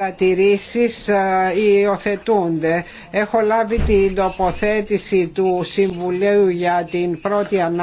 παρατηρήσεις υιοθετούνται. Έχω λάβει την τοποθέτηση του Συμβουλίου για την πρώτη ανάπτυξη